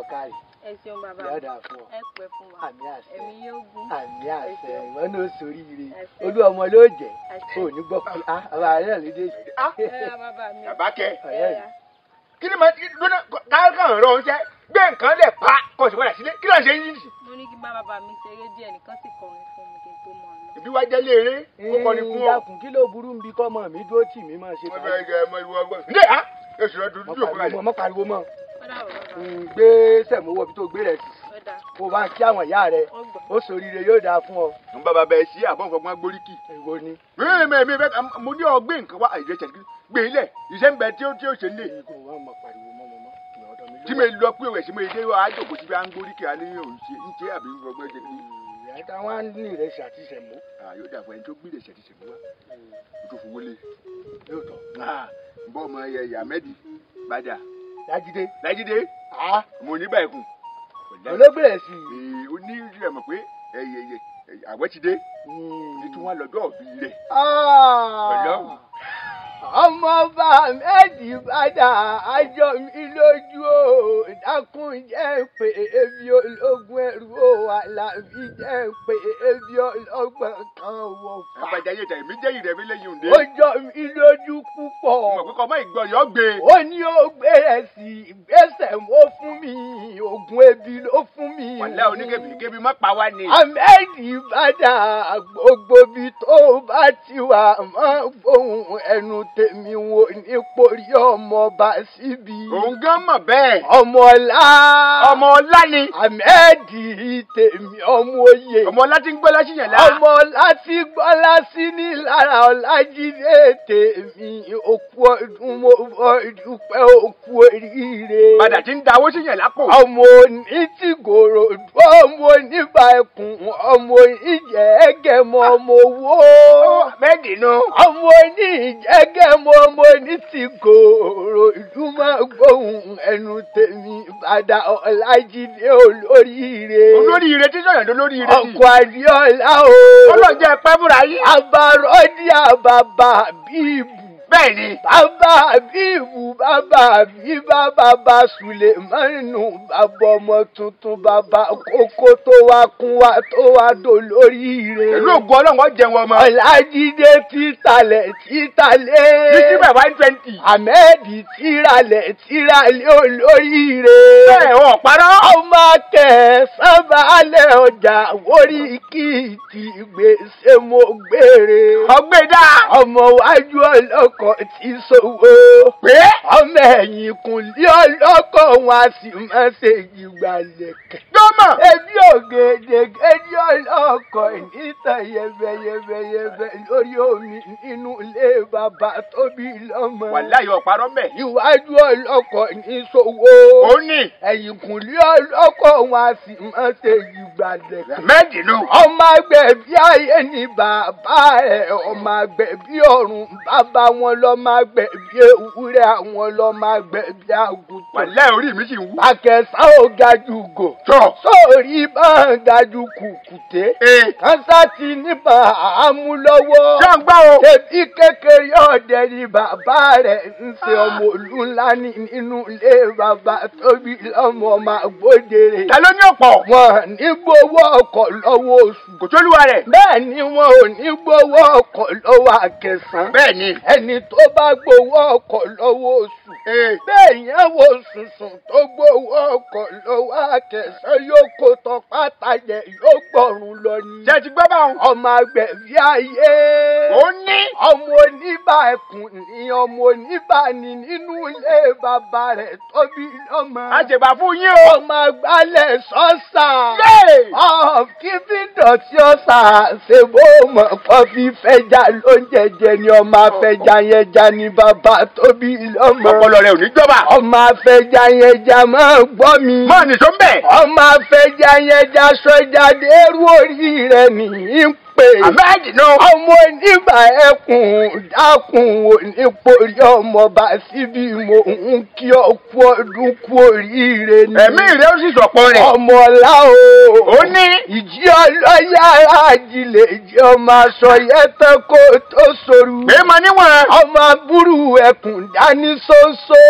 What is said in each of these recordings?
ọ̀kárì ẹ ṣeun bàbá yọ̀dà fún ọ ẹ pẹ́ fún wa àmì àṣẹ ẹ̀mí yóò gún àmì àṣẹ ìwọ náà sórí ire olú ọmọ ló jẹ ò ní gbọ́ pé a ọba rẹ ló dé sí. Ah, bàbá kẹ kí ni màá lónà káàkà ọ̀rọ̀ oúnjẹ gbé nǹkan lẹ̀ pa kó o sì padà sílé kí ló ń ṣe yín. mo ní kí bá bàbá mi ṣeré díẹ̀ nìkan sì kọrin fún mi kí n tó mọ̀ ọ́n lọ. ìbí wa jẹ́ léèrè ó kọrin fún ọ. ìyàkùn kí ló burú ń bi kọ́ mọ́ mi dúró tì mí máa ṣe. mo bẹ ẹ mọ ìwọ ọgbọ́n. ilé a ah! èsì rẹ dúdú òkú rẹ. mo pariwo mọ gbé sẹ̀mówọ́ bí tó gbé rẹ̀ sí kó bá ń kí àwọn ìyá rẹ̀ ó sòríire yóò dáa fún ọ. n bàbá bẹ sí àbọ̀nfọ̀gbọ́n gbóríkì. èwo ni. mi mi mo ní ọgbẹ́ nǹkan wá àìjẹ́ ṣe gbé ilẹ̀ iṣẹ́ ń bẹ tí ó tí ó ṣe lè. tí mi lọ pé òwẹ̀ mi ṣe àjòkó síbi à ń gbóríkì alẹ́ òun ṣe ń ṣe àbí ọgbẹ́ jẹ kí ẹ̀ka wá ní ìrẹsì àti ìṣẹ̀mú. yóò dà fún ẹni tó gbé ìrẹsì àti ìṣẹ̀mú wá tó fowó lé. yóò tọ̀. Lájídé. Lájídé. mo ní báyìí kun. olóbìnrin sí i. o ní ìrìn àmọ̀ pé àwẹ̀ ti dé. Hmm. ètò wọn lọ́jọ́ òbí rẹ̀. Ah. pẹ̀lú ọmọọba ahmed bàdà àjọ mi lójú o dákun jẹ́ pé ebi ológun ẹrú o alábí jẹ́ pé ebi ọlọ́gbọ̀n kan wọ̀ fà. àgbàjá yìí tẹ̀ mí jẹ́ ìrẹ̀mí lẹ́yìn òde. ó jọ mi lójú púpọ̀. mo kọ́kọ́ mọ ìgbọ́ yọ gbé. ó ní ó gbèrè sí ìgbésẹ̀ mo fún mi oògùn ebi ló fún mi. wàlẹ́ oníkebì má pa wá ni. ahmed bàdà gbogbo bi tó bá ti wà máa gbóhùn ẹnu tèmi wo níporí ọmọọba síbi. òun gan mọ̀ bẹ́ẹ̀. ọmọ ọlá. ni. àmẹ́ẹ̀dì tèmi ọmọ oyè. ọmọ ọlá ti ń gbọ́lá sí yẹn lára. ọmọ ọlá ti gbọ́lá sí ní lára ọlájídé tèmi òkú ọdún mo bọ́ dúpẹ́ òkú oríire. padà ti ń dawó sí yẹn lápò. ọmọ onítìgòrò dùn ọmọ oníbà ẹkùn ọmọ oníjẹ̀ẹ́gẹ̀mọ ọmọ owó. mẹ́ẹ̀dì nu. ọmọ jẹ́ mo mo ní ti kòòrò ìlú máa gbóhùn ẹnu tèmi bàdà ọ̀làjídé olóríire. olóríire tí sọ̀rọ̀ ló lóríire yìí. ọkọ̀ àdìọ́lá o. ọlọ́jẹ́ pẹ́bùrà yìí. àbárọ́dí àbàbà bíi bẹ́ẹ̀ ni. bàbá àbíbù bàbá àbí bàbá bá sùlẹ̀ mọ́nù bàbá ọmọ tuntun bàbá kókó tó wá kún wá tó wá dò lórí ire. ìlú ògùn ọlọ́run jẹun ọmọ. ọ̀làjídé títàlẹ̀ títàlẹ̀. bísí bàbá ń twenty. àmẹ́ẹ̀dì tíralẹ̀ tíralẹ̀ olórí ire. bẹ́ẹ̀ wọn parọ́. ọmọ kẹsàn-án baálẹ̀ ọjà wórí kìtì gbèsè mo gbére. ọgbẹ́dá. ọmọ wájú ọlọ́kọ ọkọ̀ ti ṣòwò. pé ọmọ ẹ̀yìn kùn lé ọlọ́kọ̀ wọn a sì máa ṣe ìgbàlẹ̀ kẹ̀ mọ̀. ẹbí ògèdè ẹbí ọkọ̀ ìtàn yẹbẹyẹbẹyẹbẹ lórí omi nínú ilé bàbá tóbi lọ́mọ. wàláyé ọ̀parọ́ mẹ́. iwájú ọlọ́kọ̀ ní ó ní. ẹ̀yìnkùnlé ọlọ́kọ̀ wọn a sì máa ṣe ìgbàdẹ̀. mẹ́jìlú. ọmọ àgbẹ̀ bí ayé ni bàbá ẹ̀ ọmọ àgbẹ̀ bí ọ̀run bàbá wọn lọ́mọ àgbẹ̀ bí ewúrẹ́ àwọn lọ́mọ àgbẹ̀ bí àgùntàn. wàláyé orí mi sì wú. àkẹ́sà ò ga jù gò. sórí eh. bá ń gajú kùkùté. kánsátì ní bàámu lọ́wọ́. o. tẹ̀bí kékeré ọ̀dẹ ni bàbá rẹ̀ ń ṣe ah. ọmọ òlu ńlá ní inú ilé bàbá tóbi lọ́mọ máa gbódere. ta ló ní ọ̀pọ̀. wọn ní gbowó ọkọ̀ lọ́wọ́ oṣù. kò rẹ̀. bẹ́ẹ̀ ni wọn ò ní gbowó ọkọ̀ lọ́wọ́ àkẹsàn. ni. ẹni tó bá gbowó ọkọ̀ lọ́wọ́ oṣù. Eh. bẹ́ẹ̀ yẹn wo tó gbowó ọkọ̀ lọ́wọ́ yóò kó tọpá tajẹ yóò gbọ̀run lọ ni. ṣe ti gbọ́ báwọn. ọmọ àgbẹ̀ bí ayé. ó ní. ọmọ oníbà ni ọmọ oníbà nínú ilé bàbá rẹ̀ tóbi lọ́mọ. a jẹ̀bà fún yín o. ọmọ àgbálẹ̀ sọ́sà. yéè. ọ̀ kí fi dọ̀tí ọ̀sà ṣe bó mọ̀ kọ́ fẹ́jà ló ń jẹjẹ ni ọmọ afẹ́jà yẹn já ni bàbá tóbi lọ́mọ. ọpọlọ rẹ ò ní jọba. ọmọ afẹ́jà yẹn já máa gbọ́ mi. mọ́ọ̀nì tó ń ọmọ af fẹja yẹn já sọjà dẹrú orí rẹ nìyí pé ọmọ onígbà ẹkùn dákùn oníporí ọmọọba síbi mo ń kí ọ kú ọdún kú oríire ni. ẹ̀mí rẹ̀ ó sì sọ̀pọ̀ rẹ̀. ọmọọlá o. ó ní. ìjì ọlọ́yàrá àjìlè jẹ́ ọmọ aṣọ yẹtẹ́ kó tó sòrú. èèmọ̀ níwọ̀n. ọmọ abúrú ẹkùn dání ṣoṣo.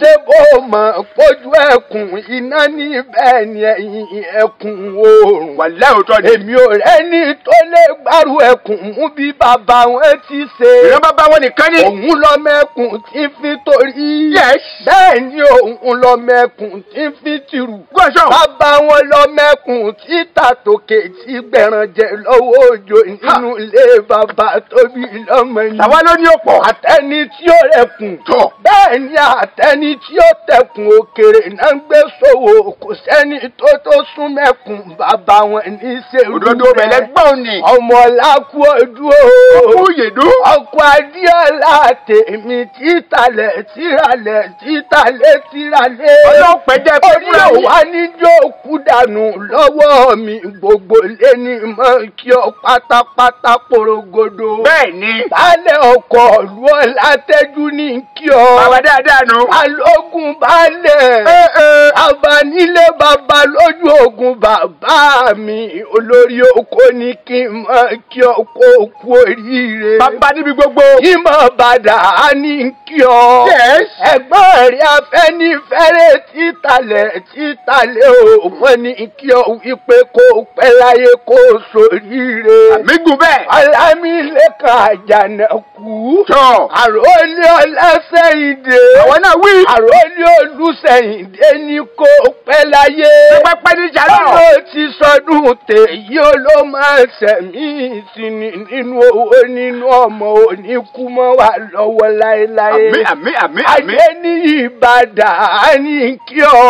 ṣé bó mọ̀ pójú ẹkùn iná ní bẹ́ẹ̀ ni ẹ̀yìn ẹkùn oòrùn. wàlẹ́ òótọ́ ni. èmi ò rẹ́ni tó délé gbárù ẹkùn mú bí bàbá wọn ti ṣe. ìran bàbá wọn nìkan ni. òun lọ mẹ́kùn tí ń fi torí. bẹ́ẹ̀ ni òun lọ mẹ́kùn tí ń fi tìrù. gbọ́sọ̀. bàbá wọn lọ mẹ́kùn tí tàtòkè tí gbẹ̀ràn jẹ lọ́wọ́ òjò nínú ilé bàbá tóbi lọ́mọ ni. tàwa ló ní ọ̀pọ̀. àtẹni tí ó rẹkùn. tọ. bẹ́ẹ̀ ni àtẹni tí ó tẹkùn òkèrè náà ń gbé sòwò kò sẹ́ni tó tó sún mẹ́kùn bàbá wọn ní ni. ọmọlá kú ojú o. ọkú yèdú. ọkọ adéọlá tèmi títalẹ̀ tíralẹ̀ títalẹ̀ tíralẹ̀. ọlọ́pẹ́ jẹ́ pé fúnra òun. orí wa kú dànù lọ́wọ́ mi gbogbo lẹ́ni mọ́ kí ọ pátápátá porogodo. bẹ́ẹ̀ni. baálẹ̀ ọkọ̀ ọ̀lú ọ̀la tẹ́jú ní kí ọ. bàbá dáadáa nù. balógun baálẹ̀. ẹ ẹ. abanilé baba lójú ogun bàbá mi olórí oko ní kí ní máa kí ọ kó kú oríire. bàbá níbi gbogbo. kí mọ̀ bàdà á ní kí ọ. ẹ̀gbọ́n rẹ̀ afẹ́ ní fẹ́rẹ́ títalẹ̀ títalẹ̀ o. wọ́n ní kí ọ wípé kó pẹ́ láyé kó soríire. àmì gùn bẹ́ẹ̀. ọlámilẹ́kan àjànàkú. tọ́. àròlé ọlásẹ̀yìndé. àwọn náà wí. àròlé olùsẹ̀yìndé ní kó pẹ́ láyé. pẹ́pẹ́pẹ́ níjà náà. ọlọ́ọ̀ ti sọdún tèyí ó ló máa ṣe tẹ̀mí ìsinmi nínú owó nínú ọmọ oníkú mọ́ wà lọ́wọ́ láéláé. àmín àmín àmín àmín. ayé ní ìbàdàn á ní kí ọ.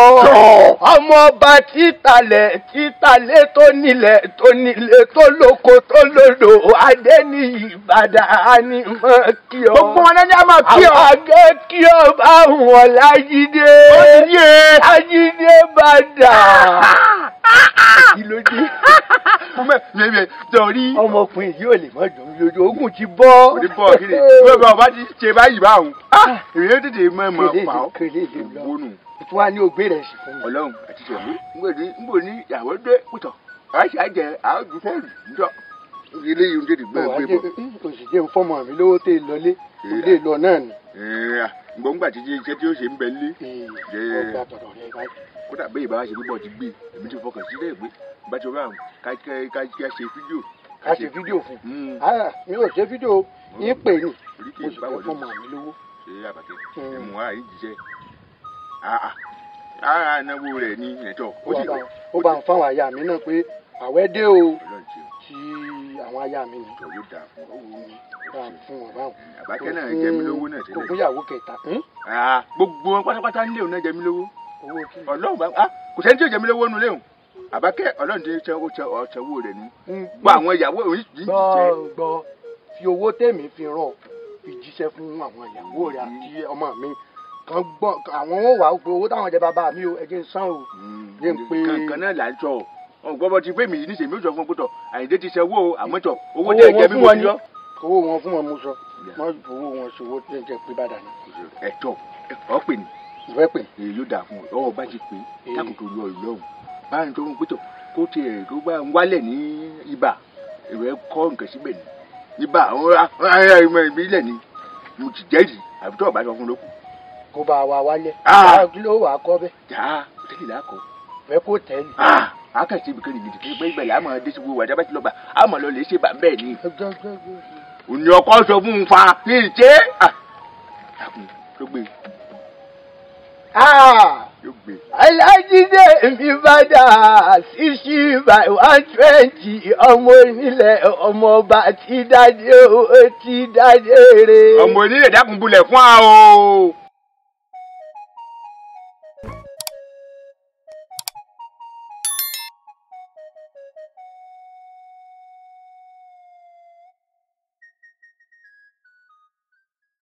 ọmọ ọba títalẹ̀ títalẹ̀ tó nílẹ̀ tó nílẹ̀ tó lóko tó lódò adé ní ìbàdàn á ní mọ́ kí ọ. gbogbo wọn ní a máa kí ọ. àwọn àgẹ́ kí ọ bá wọn lájídé. ó ti yé. lájídé bàdàn. kí ló dé kú mẹ́ yẹ̀yẹ̀ torí. ọmọkùnrin yìí ò lè mọ dùn lójú ogun ti bọ́. kò ní bọ́ kí ni bẹ́ẹ̀ bá ọba ti ṣe báyìí báwọn. Ah, èyí ó tètè mọ ẹ̀mọ pa ọ́ wónú. tí wàá ní ògbé rẹ̀ sì fún mi. Ọlọ́run àti sẹmí nbọ ní ìyàwó dé kùtọ àṣà àjẹ àjù fọọlù njọ ilé yìí ń tètè gbẹ gbé bọ. òṣìṣẹ́ fọmọ mi lówó tẹ lọlé ilé lọ náà ni. gbọ̀ngbà títí iṣẹ́ tí ó ṣe ń bẹ lé. ọgbà tọ̀dọ̀ rẹ báyìí kódà bẹ́ẹ̀ bá ṣe bíbọ̀ ti gbé èmi ti fọkàn sí ilé ìwé bá ti wọ́n bá ká ṣe fídíò. ká ṣe fídíò fún hmm. ah, mi ò ṣe fídíò yín pè ní mo sì fẹ́ fún màá mi lówó. ṣe àbàtẹ hmm. ẹ mú àyè jíjẹ ara ah, ah. náwó rẹ ní ẹjọ́. ó bá ń fáwọn àyà mi náà pé àwẹ̀ dé o tí àwọn aya mi ní. owó dà fún owó dà fún wọn báwọn. àbákẹ́ náà jẹ mí lówó náà tẹ́lẹ̀. kò fún ìyàwó kẹta. Hmm? gbogbo wọn pátápátá ń lé òun náà jẹ mí lówó ọlọ́run bá ah, kò sẹ́ni tí yóò jẹ́ mi lówó nu léwu àbákẹ́ ọlọ́run tí ṣe ó ṣe ọ̀ṣẹ́wó rẹ̀ nu gba àwọn ìyàwó òun yìí jẹ́. gbọ́ fi owó tèmi fi ràn fi jíṣẹ́ fún àwọn ìyàwó rẹ̀ àti ọmọ mi kan gbọ́ àwọn ò wá pé owó táwọn jẹ bàbá mi o ẹ jẹ́ n san o hmm, jẹ́ n pé. kankan náà là ń sọ ọ gbọ́dọ̀ ti pé mi ní sèmi ó sọ fún pé tọ àyìndé ti ṣe owó àmọ́tọ̀ owó tẹ̀ jẹ́ mímú ni owó wọn fún wọn mú sọ owó wọn ṣòwò tẹ̀ jẹ́ pé bàdàn. ẹ̀tọ́ ọ̀pẹ̀ ni ìfẹ́ pè èyí ló dà fún ọ ọ bá ti pè é dákòtò lọ ìlọrun báyìí tó ń pètò kó tiẹ̀ tó bá ń wálẹ̀ ní ibà ìwẹ́ kọ́ nǹkan síbẹ̀ ni ibà àwọn ará ìmọ̀ ìbílẹ̀ ni mo ti jẹ́rìí àbí tó ọ̀bá sọ fún lókun. kó bá wa wálẹ̀ ah! kí ló wà á kọ́ bẹ́ẹ̀. jà á tẹ́lẹ̀ là á kọ́. fẹ́ kó tẹ́lẹ̀. Ah! a kà sí ibìkan nìgidì kí a là á mọ̀ dé síbi wàdí abájú lọ́ba a mọ̀ lọ lè ṣe bà bẹ́ẹ̀ ni. òní ọkọ sọ fún un fa kí n ṣe é. àkùn tó gbé e alájídé mi bá dà sixty by one twenty ọmọ onílẹ̀ ọmọ ọba ti dáadé o ti dáadé rè. ọmọ onílẹ̀ dákùnbulẹ̀ fún wa o.